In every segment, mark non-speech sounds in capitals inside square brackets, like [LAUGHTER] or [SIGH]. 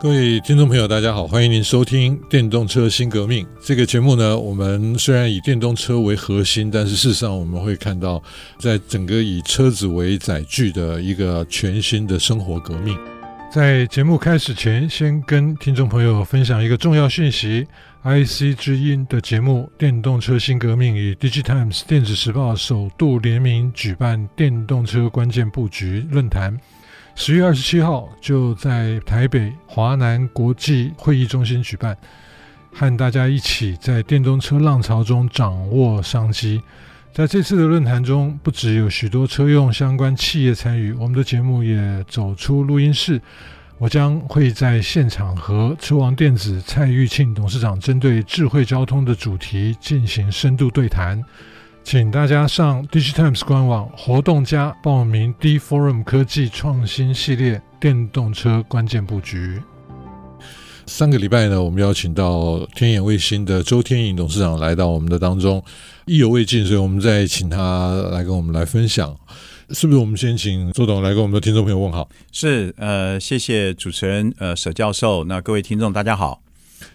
各位聽眾朋友，大家好，歡迎您收聽《電動車新革命》。這個節目呢，我們雖然以電動車為核心，但是事實上我們會看到，在整個以車子為載具的一個全新的生活革命。在節目開始前，先跟聽眾朋友分享一個重要訊息：IC 之音的節目《電動車新革命》與《Digitimes 電子時報》首度聯名舉辦電動車關鍵布局論壇。十月二十七號，就在台北華南國際會議中心舉辦，和大家一起在電動車浪潮中掌握商機。在這次的論壇中，不只有許多車用相關企業參與，我們的節目也走出錄音室。我將會在現場和車王電子蔡玉慶董事長針對智慧交通的主題進行深度對談。請大家上 DIGITIMES 官網活動家報名 D Forum 科技創新系列電動車關鍵布局。上個禮拜呢，我們邀請到天眼衛星的周天穎董事長來到我們的當中，意猶未盡，所以我們再請他來跟我們來分享，是不是？我們先請周董來跟我們的聽眾朋友問好。是，呃，謝謝主持人，呃，佘教授，那各位聽眾大家好。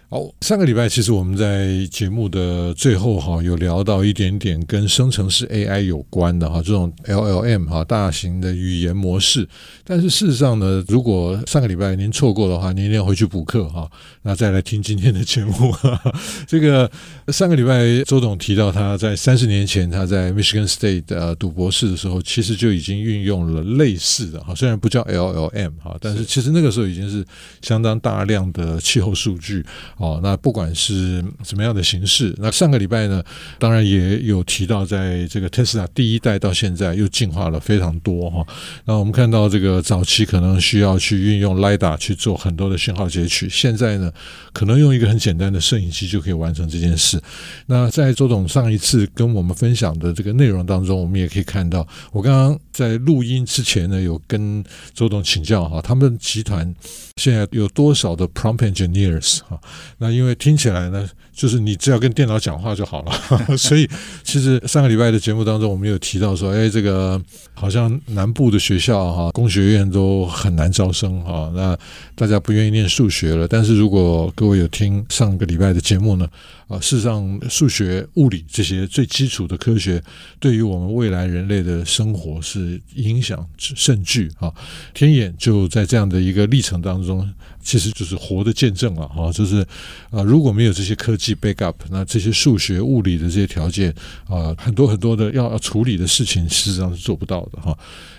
好，上個禮拜其實我們在節目的最後哈，有聊到一點點跟生成式 AI 有關的哈，這種 LLM 哈，大型的語言模式。但是事實上呢，如果上個禮拜您錯過的話，您一定要回去補課哈，那再來聽今天的節目。哈哈這個，上個禮拜周董提到他在三十年前，他在 Michigan State 呃讀博士的時候，其實就已經運用了類似的哈，雖然不叫 LLM 哈，但是其實那個時候已經是相當大量的氣候數據。哦，那不管是什麼樣的形式，那上個禮拜呢，當然也有提到，在這個特斯拉第一代到現在又進化了非常多哈、哦。那我們看到這個早期可能需要去運用 Lidar 去做很多的信號截取，現在呢，可能用一個很簡單的攝影機就可以完成這件事。那在周董上一次跟我們分享的這個內容當中，我們也可以看到，我剛剛在錄音之前呢，有跟周董請教哈、哦，他們集團現在有多少的 prompt engineers 哈、哦？那因為聽起來呢，就是你只要跟電腦講話就好了， [LAUGHS] 所以其實上個禮拜的節目當中，我們有提到說，哎，這個好像南部的學校哈、啊，工學院都很難招生哈、啊，那大家不願意念數學了。但是如果各位有聽上個禮拜的節目呢，啊，事實上數學、物理這些最基礎的科學，對於我們未來人類的生活是影響甚巨啊。天眼就在這樣的一個歷程當中，其實就是活的見證了啊，啊，就是。啊，如果沒有這些科技 backup，那這些數學、物理的這些條件啊，很多很多的要要處理的事情，事實上是做不到的哈。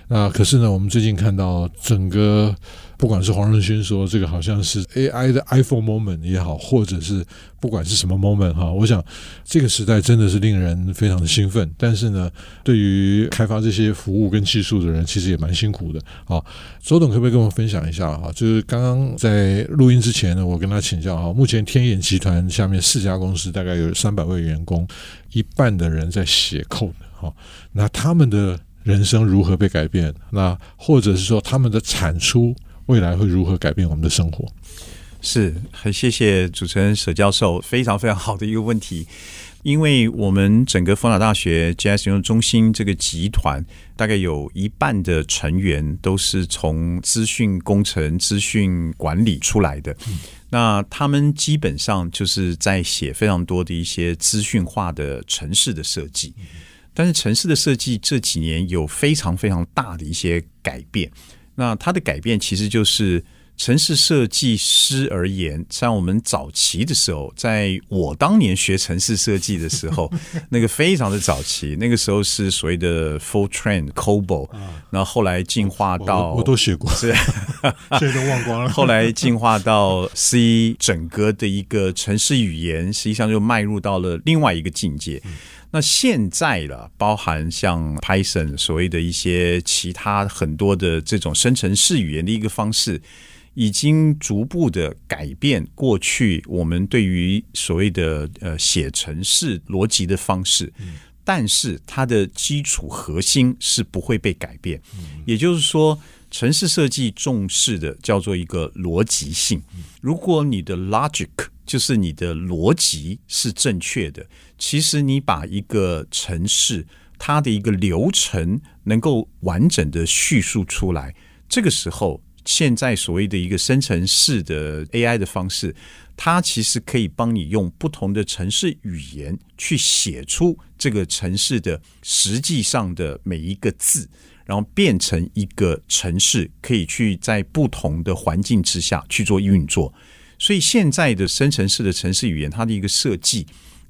那可是呢，我們最近看到整個。不管是黃仁勳說這個好像是 AI 的 iPhone moment 也好，或者是不管是什麼 moment 哈，我想這個時代真的是令人非常的興奮。但是呢，對於開發這些服務跟技術的人，其實也蠻辛苦的。啊，周董可不可以跟我們分享一下哈？就是剛剛在錄音之前呢，我跟他請教哈，目前天眼集團下面四家公司大概有三百位員工，一半的人在寫 code。哈，那他們的人生如何被改變？那或者是說他們的產出？未來會如何改變我們的生活？是很謝謝主持人佘教授，非常非常好的一個問題。因為我們整個逢甲大學 GIS 中心這個集團，大概有一半的成員都是從資訊工程、資訊管理出來的。那他們基本上就是在寫非常多的一些資訊化的程式的設計。但是程式的設計這幾年有非常非常大的一些改變。那它的改變其實就是程式設計師而言，像我們早期的時候，在我當年學程式設計的時候， [LAUGHS] 那個非常的早期，那個時候是所謂的 FORTRAN、COBOL，那、啊、後，後來進化到我，我都學過，是，這 [LAUGHS] 在都忘光了。後來進化到 C，整個的一個程式語言，實際上就邁入到了另外一個境界。嗯那現在了，包含像 Python 所謂的一些其他很多的這種生成式語言的一個方式，已經逐步的改變過去我們對於所謂的呃寫程式邏輯的方式，但是它的基礎核心是不會被改變。也就是說，程式設計重視的叫做一個邏輯性。如果你的 logic 就是你的邏輯是正確的。其實，你把一個程式它的一個流程能夠完整地敘述出來，這個時候，現在所謂的一個生成式的 AI 的方式，它其實可以幫你用不同的程式語言去寫出這個程式的實際上的每一個字，然後變成一個程式可以去在不同的環境之下去做運作。所以，現在的生成式的程式語言，它的一個設計。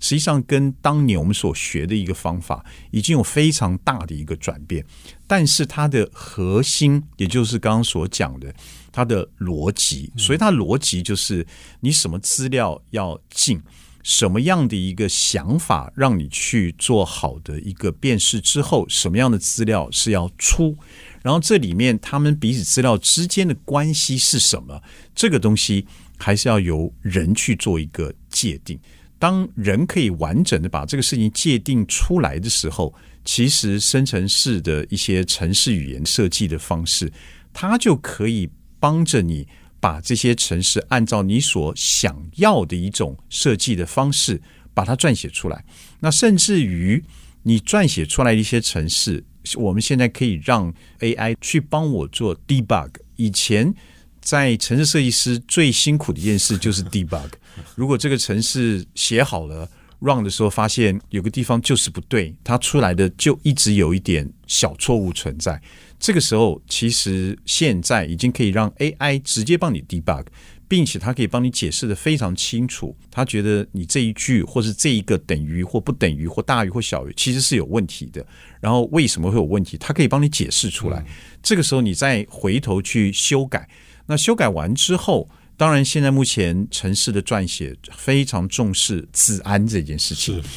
實際上，跟當年我們所學的一個方法已經有非常大的一個轉變，但是它的核心，也就是剛剛所講的它的邏輯，所以它邏輯就是你什麼資料要進，什麼樣的一個想法讓你去做好的一個辨識之後，什麼樣的資料是要出，然後這裡面他們彼此資料之間的關係是什麼，這個東西還是要由人去做一個界定。當人可以完整的把這個事情界定出來的時候，其實生成式的一些程式語言設計的方式，它就可以幫着你把這些程式按照你所想要的一種設計的方式把它撰寫出來。那甚至於你撰寫出來的一些程式，我們現在可以讓 AI 去幫我做 debug。以前。在程式設計師最辛苦的一件事就是 debug。如果這個程式寫好了，run 的時候發現有個地方就是不對，它出來的就一直有一點小錯誤存在。這個時候，其實現在已經可以讓 AI 直接幫你 debug，並且它可以幫你解釋得非常清楚。它覺得你這一句或是這一個等於或不等於或大於或小於，其實是有問題的。然後為什麼會有問題？它可以幫你解釋出來。這個時候你再回頭去修改。那修改完之後，當然現在目前程式的撰寫非常重視資安這件事情。是、是。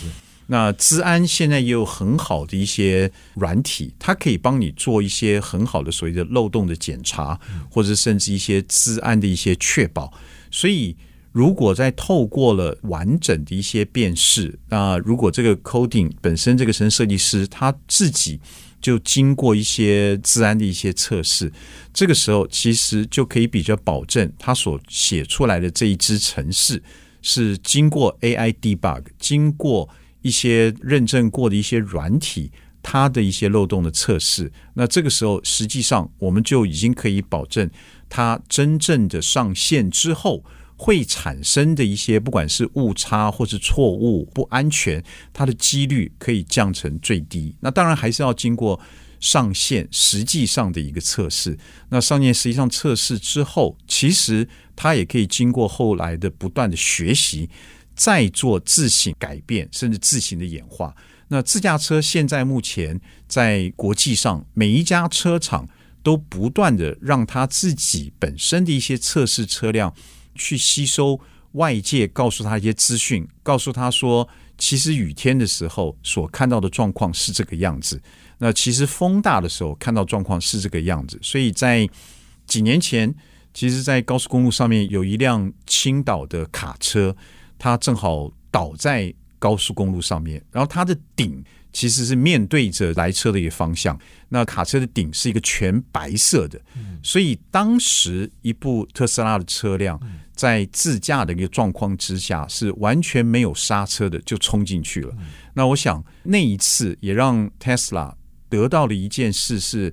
那資安現在也有很好的一些軟體，它可以幫你做一些很好的所謂的漏洞的檢查，或者甚至一些資安的一些確保。所以，如果再透過了完整的一些辨識，那如果這個 coding 本身這個程式設計師他自己。就經過一些資安的一些測試，這個時候其實就可以比較保證，它所寫出來的這一支程式是經過 AI debug、經過一些認證過的一些軟體，它的一些漏洞的測試。那這個時候，實際上我們就已經可以保證，它真正的上線之後。會產生的一些不管是誤差或是錯誤、不安全，它的幾率可以降成最低。那當然還是要經過上線實際上的一個測試。那上線實際上測試之後，其實它也可以經過後來的不斷的學習，再做自行改變，甚至自行的演化。那自駕車現在目前在國際上，每一家車廠都不斷的讓它自己本身的一些測試車輛去吸收外界告訴他一些資訊，告訴他說，其實雨天的時候所看到的狀況是這個樣子。那其實風大的時候看到狀況是這個樣子。所以在幾年前，其實，在高速公路上面有一輛青島的卡車，它正好倒在高速公路上面，然後它的頂其實是面對着來車的一個方向。那卡車的頂是一個全白色的，所以當時一部特斯拉的車輛。在自駕的一個狀況之下，是完全沒有剎車的，就衝進去了。那我想，那一次也讓 Tesla 得到了一件事：是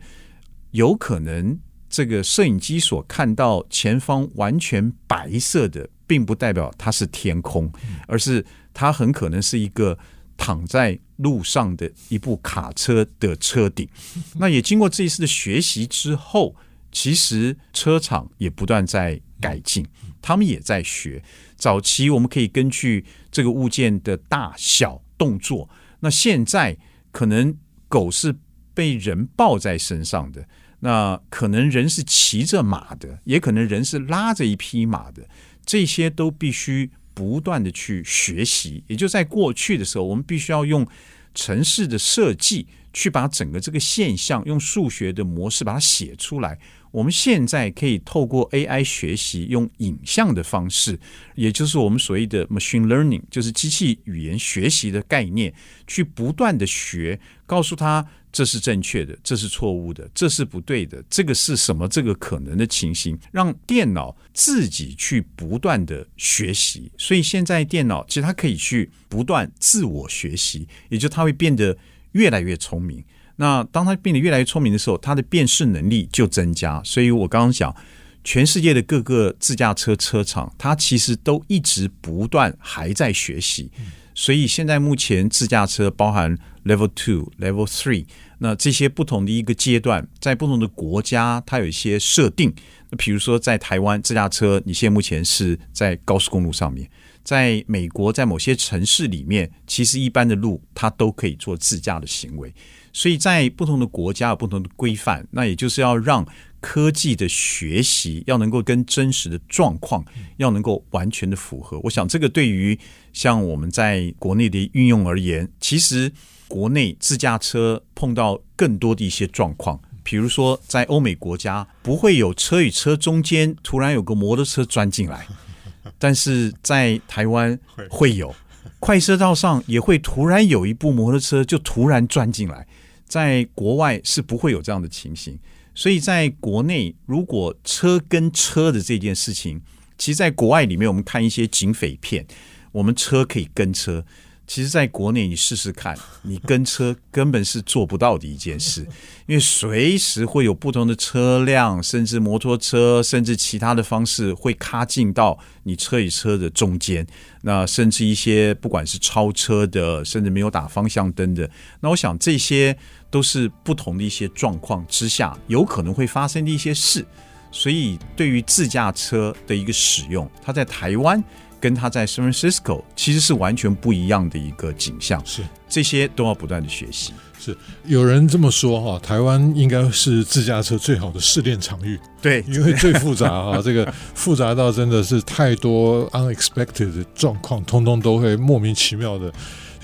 有可能這個攝影機所看到前方完全白色的，並不代表它是天空，而是它很可能是一個躺在路上的一部卡車的車頂。那也經過這一次的學習之後，其實車廠也不斷在改進。他們也在學。早期我們可以根據這個物件的大小、動作。那現在可能狗是被人抱在身上的，那可能人是騎着馬的，也可能人是拉着一匹馬的。這些都必須不斷的去學習。也就在過去的時候，我們必須要用程式的設計去把整個這個現象用數學的模式把它寫出來。我們現在可以透過 AI 學習，用影像的方式，也就是我們所謂的 machine learning，就是機器語言學習的概念，去不斷的學，告訴他這是正確的，這是錯誤的，這是不對的，這個是什麼？這個可能的情形，讓電腦自己去不斷的學習，所以現在電腦其實它可以去不斷自我學習，也就是它會變得越來越聰明。那當它變得越來越聰明的時候，它的辨識能力就增加。所以我剛剛講，全世界的各個自駕車車廠，它其實都一直不斷還在學習。所以現在目前自駕車包含 Level Two、Level Three，那這些不同的一個階段，在不同的國家，它有一些設定。那比如說在台灣，自駕車你現在目前是在高速公路上面，在美國，在某些城市裡面，其實一般的路它都可以做自駕的行為。所以在不同的國家有不同的規範，那也就是要讓科技的學習要能夠跟真實的狀況要能夠完全的符合。我想這個對於像我們在國內的運用而言，其實國內自駕車碰到更多的一些狀況，比如說在歐美國家不會有車與車中間突然有個摩托車鑽進來， [LAUGHS] 但是在台灣會有，快車道上也會突然有一部摩托車就突然鑽進來。在國外是不會有這樣的情形，所以在國內，如果車跟車的這件事情，其實，在國外裡面，我們看一些警匪片，我們車可以跟車。其實，在國內你試試看，你跟車根本是做不到的一件事，因為隨時會有不同的車輛，甚至摩托車，甚至其他的方式會卡進到你車與車的中間。那甚至一些不管是超車的，甚至沒有打方向燈的，那我想這些都是不同的一些狀況之下有可能會發生的一些事。所以，對於自駕車的一個使用，它在台灣，跟他在 San Francisco 其實是完全不一樣的一個景象，是這些都要不斷的學習。是有人這麼說哈，台灣應該是自駕車最好的試煉場域，對，因為最複雜 [LAUGHS] 啊，這個複雜到真的是太多 unexpected 的狀況，通通都會莫名其妙的。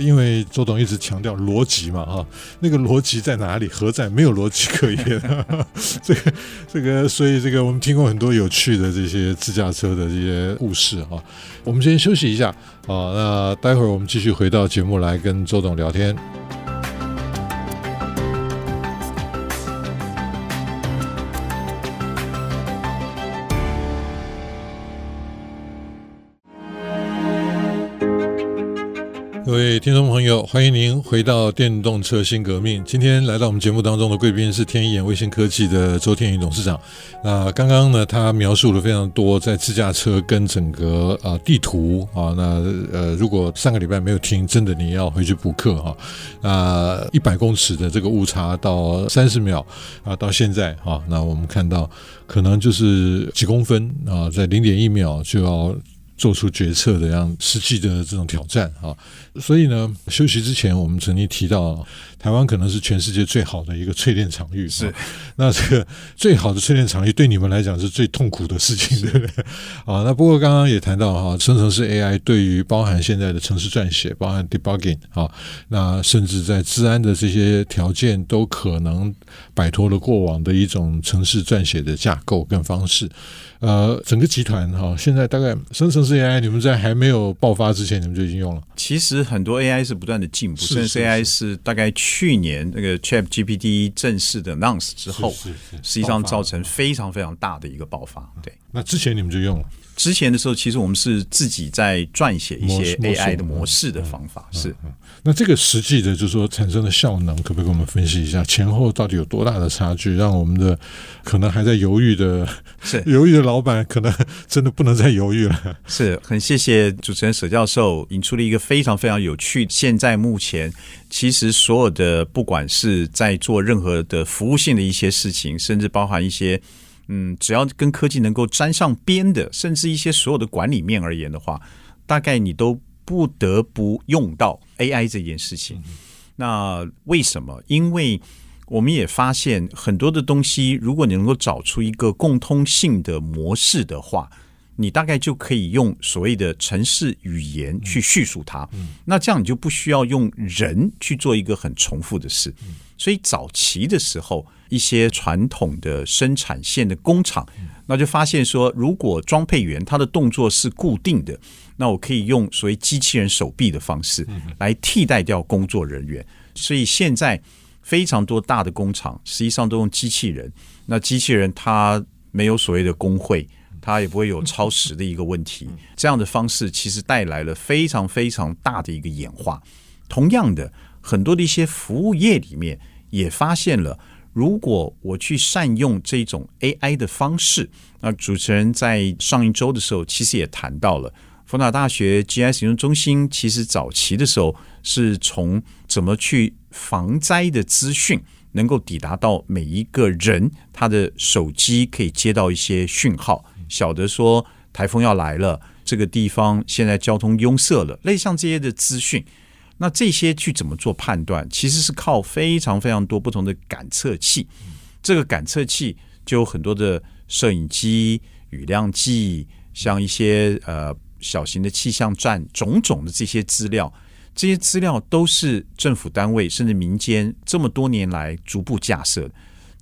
因為周董一直強調邏輯嘛，哈，那個邏輯在哪裡？何在？沒有邏輯可言啊，這個這個，所以這個我們聽過很多有趣的這些自駕車的這些故事哈。我們先休息一下啊，那待會兒我們繼續回到節目來跟周董聊天。各位聽眾朋友，歡迎您回到電動車新革命。今天來到我們節目當中的貴賓是天眼衛星科技的周天穎董事長。那剛剛呢，他描述了非常多在自駕車跟整個啊、呃、地圖啊，那呃，如果上個禮拜沒有聽，真的你要回去補課哈。啊，一百公尺的這個誤差到三十秒啊，到現在啊，那我們看到可能就是幾公分啊，在零點一秒就要。做出決策的樣實際的這種挑戰啊，所以呢，休息之前我們曾經提到，台灣可能是全世界最好的一個淬煉場域、啊。是，那這個最好的淬煉場域對你們來講是最痛苦的事情，對不對？啊，那不過剛剛也談到哈、啊，生成式 AI 對於包含現在的程式撰寫，包含 debugging 啊，那甚至在資安的這些條件都可能擺脫了過往的一種程式撰寫的架構跟方式。呃，整個集團哈，現在大概生成式 AI，你們在還沒有爆發之前，你們就已經用了。其實很多 AI 是不斷的進步，生成式 AI 是大概去年那個 ChatGPT 正式的 launch 之後，是是，是，是是，實際上造成非常非常大的一個爆發。對，啊，那之前你們就用了。之前的時候，其實我們是自己在撰寫一些 AI 的模式的方法。索是、嗯嗯嗯，那這個實際的，就是說產生的效能，可不可以跟我們分析一下前後到底有多大的差距，讓我們的可能還在猶豫的、猶是豫的老闆，可能真的不能再猶豫了。是，很謝謝主持人佘教授引出了一個非常非常有趣。現在目前，其實所有的，不管是在做任何的服務性的一些事情，甚至包含一些。嗯，只要跟科技能夠沾上邊的，甚至一些所有的管理面而言的話，大概你都不得不用到 AI 這件事情。那為什麼？因為我們也發現很多的東西，如果你能夠找出一個共通性的模式的話。你大概就可以用所謂的程式語言去敘述它，嗯、那這樣你就不需要用人去做一個很重複的事。所以早期的時候，一些傳統的生產線的工廠，那就發現說，如果裝配員他的動作是固定的，那我可以用所謂機器人手臂的方式來替代掉工作人員。所以現在非常多大的工廠實際上都用機器人。那機器人它沒有所謂的工會。它也不會有超時的一個問題，這樣的方式其實帶來了非常非常大的一個演化。同樣的，很多的一些服務業裡面也發現了，如果我去善用這種 AI 的方式，那主持人在上一周的時候其實也談到了，佛羅里達大學 GIS 使用中心其實早期的時候是從怎麼去防災的資訊能夠抵達到每一個人，他的手機可以接到一些訊號。曉得說台風要來了，這個地方現在交通擁塞了，類像這些的資訊，那這些去怎麼做判斷？其實是靠非常非常多不同的感測器，嗯、這個感測器就有很多的攝影機、雨量計，像一些呃小型的氣象站，種種的這些資料，這些資料都是政府單位甚至民間這麼多年來逐步架設的。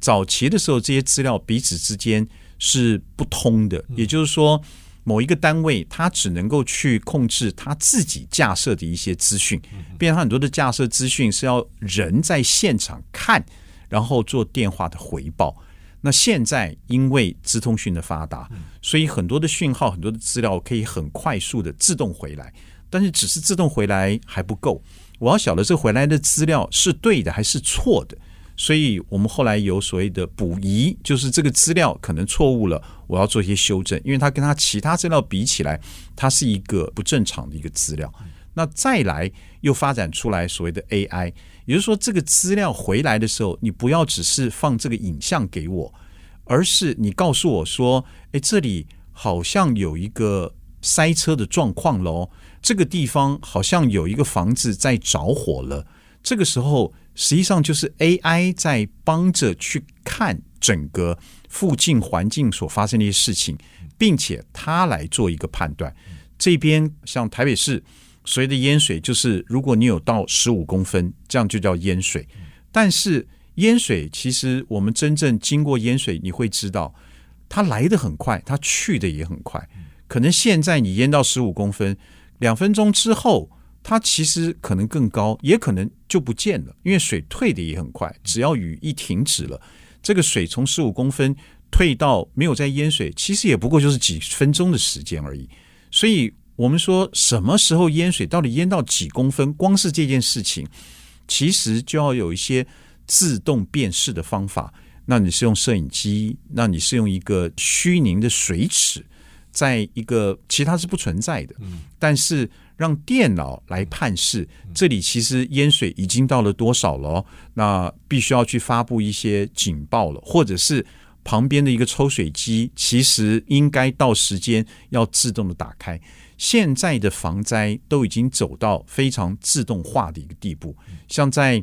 早期的時候，這些資料彼此之間是不通的，也就是說，某一個單位它只能夠去控制它自己架設的一些資訊，變成很多的架設資訊是要人在現場看，然後做電話的回報。那現在因為資通訊的發達，所以很多的訊號、很多的資料可以很快速的自動回來，但是只是自動回來還不夠。我要曉得這回來的資料是對的還是錯的。所以，我們後來有所謂的補遺，就是這個資料可能錯誤了，我要做一些修正，因為它跟它其他資料比起來，它是一個不正常的一個資料。那再來又發展出來所謂的 AI，也就是說，這個資料回來的時候，你不要只是放這個影像給我，而是你告訴我說：“哎，這裡好像有一個塞車的狀況嘍，這個地方好像有一個房子在着火了。”這個時候。實際上就是 AI 在幫着去看整個附近環境所發生的一些事情，並且它來做一個判斷。這邊像台北市所謂的淹水，就是如果你有到十五公分，這樣就叫淹水。但是淹水其實我們真正經過淹水，你會知道它來得很快，它去得也很快。可能現在你淹到十五公分，兩分鐘之後。它其實可能更高，也可能就不見了，因為水退得也很快。只要雨一停止了，這個水從十五公分退到沒有在淹水，其實也不過就是幾分鐘的時間而已。所以，我們說什麼時候淹水，到底淹到幾公分，光是這件事情，其實就要有一些自動辨識的方法。那你是用攝影機，那你是用一個虛擬的水尺，在一個其他是不存在的。但是。讓電腦來判識，這裡其實淹水已經到了多少了，那必須要去發布一些警報了，或者是旁邊的一個抽水機，其實應該到時間要自動的打開。現在的防災都已經走到非常自動化的一個地步，像在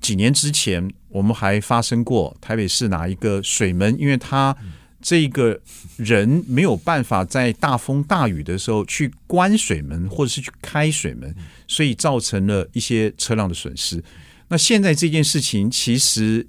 幾年之前，我們還發生過台北市哪一個水門，因為它。這個人沒有辦法在大風大雨的時候去關水門，或者是去開水門，所以造成了一些車輛的損失。那現在這件事情其實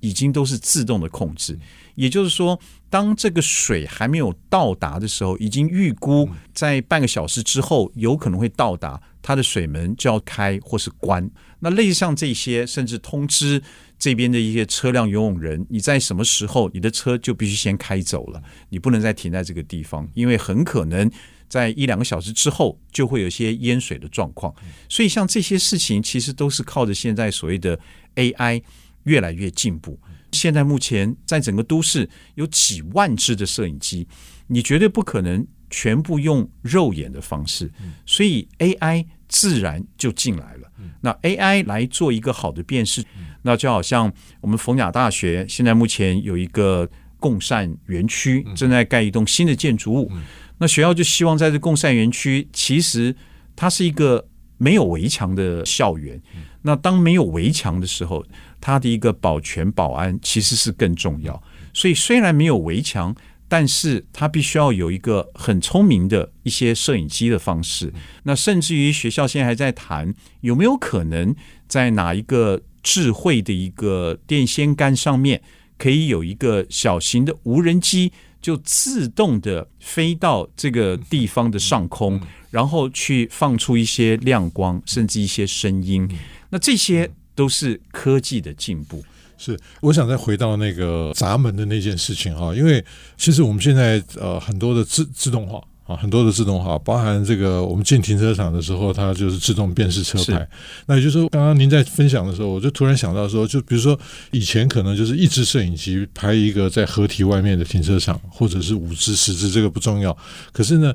已經都是自動的控制，也就是說，當這個水還沒有到達的時候，已經預估在半個小時之後有可能會到達，它的水門就要開或是關。那類似像這些，甚至通知。這邊的一些車輛游泳人，你在什麼時候，你的車就必須先開走了，你不能再停在這個地方，因為很可能在一兩個小時之後就會有些淹水的狀況。所以像這些事情，其實都是靠着現在所謂的 AI 越來越進步。現在目前在整個都市有幾萬隻的攝影機，你絕對不可能全部用肉眼的方式，所以 AI。自然就進來了。那 AI 來做一個好的辨識，那就好像我們逢甲大學現在目前有一個共善園區，正在蓋一棟新的建築物。那學校就希望在這共善園區，其實它是一個沒有圍牆的校園。那當沒有圍牆的時候，它的一個保全保安其實是更重要。所以雖然沒有圍牆，但是他必須要有一個很聰明的一些攝影機的方式。那甚至於學校現在還在談，有沒有可能在哪一個智慧的一個電線桿上面，可以有一個小型的無人機，就自動的飛到這個地方的上空，然後去放出一些亮光，甚至一些聲音。那這些都是科技的進步。是，我想再回到那個閘門的那件事情哈，因為其實我們現在呃很多的自自動化啊，很多的自動化，包含這個我們進停車場的時候，它就是自動辨識車牌。是那也就是說，剛剛您在分享的時候，我就突然想到說，就比如說以前可能就是一支攝影機拍一個在河堤外面的停車場，或者是五支、十支，這個不重要。可是呢，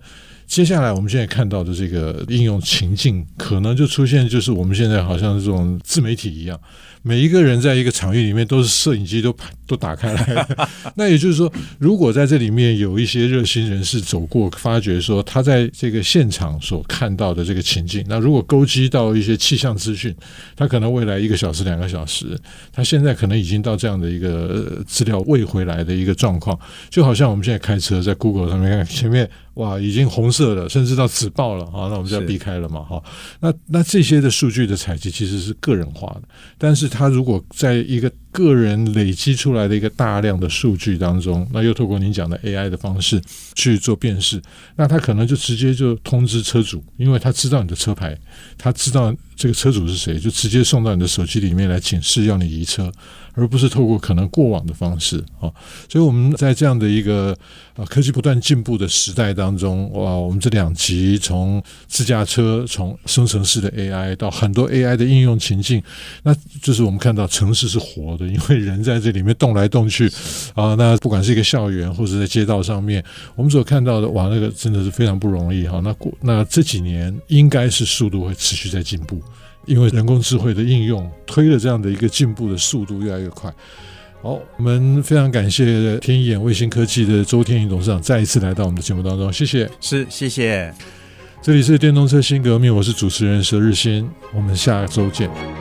接下來我們現在看到的這個應用情境，可能就出現就是我們現在好像這種自媒體一樣，每一個人在一個場域裡面都是攝影機都拍都打開來的。那也就是說，如果在這裡面有一些熱心人士走過，發覺說他在這個現場所看到的這個情境，那如果勾稽到一些氣象資訊，他可能未來一個小時、兩個小時，他現在可能已經到這樣的一個資料未回來的一個狀況，就好像我們現在開車在 Google 上面看前面，哇，已經紅色。甚至到紫爆了啊，那我們就要避開了嘛，哈是。那那這些的數據的採集其實是個人化的，但是它如果在一個個人累積出來的一個大量的數據當中，那又透過您講的 AI 的方式去做辨識，那他可能就直接就通知車主，因為他知道你的車牌，他知道這個車主是誰，就直接送到你的手機裡面來警示，要你移車，而不是透過可能過往的方式啊。所以我們在這樣的一個啊科技不斷進步的時代當中，哇，我們這兩集從自駕車，從生成式的 AI 到很多 AI 的應用情境，那就是我們看到城市是活的。因為人在這裡面動來動去啊，那不管是一個校園或者在街道上面，我們所看到的哇，那個真的是非常不容易哈。那過那這幾年應該是速度會持續在進步，因為人工智慧的應用推了這樣的一個進步的速度越來越快。好，我們非常感謝天眼衛星科技的周天穎董事長再一次來到我們的節目當中，謝謝。是，謝謝。這裡是電動車新革命，我是主持人佘日新，我們下周見。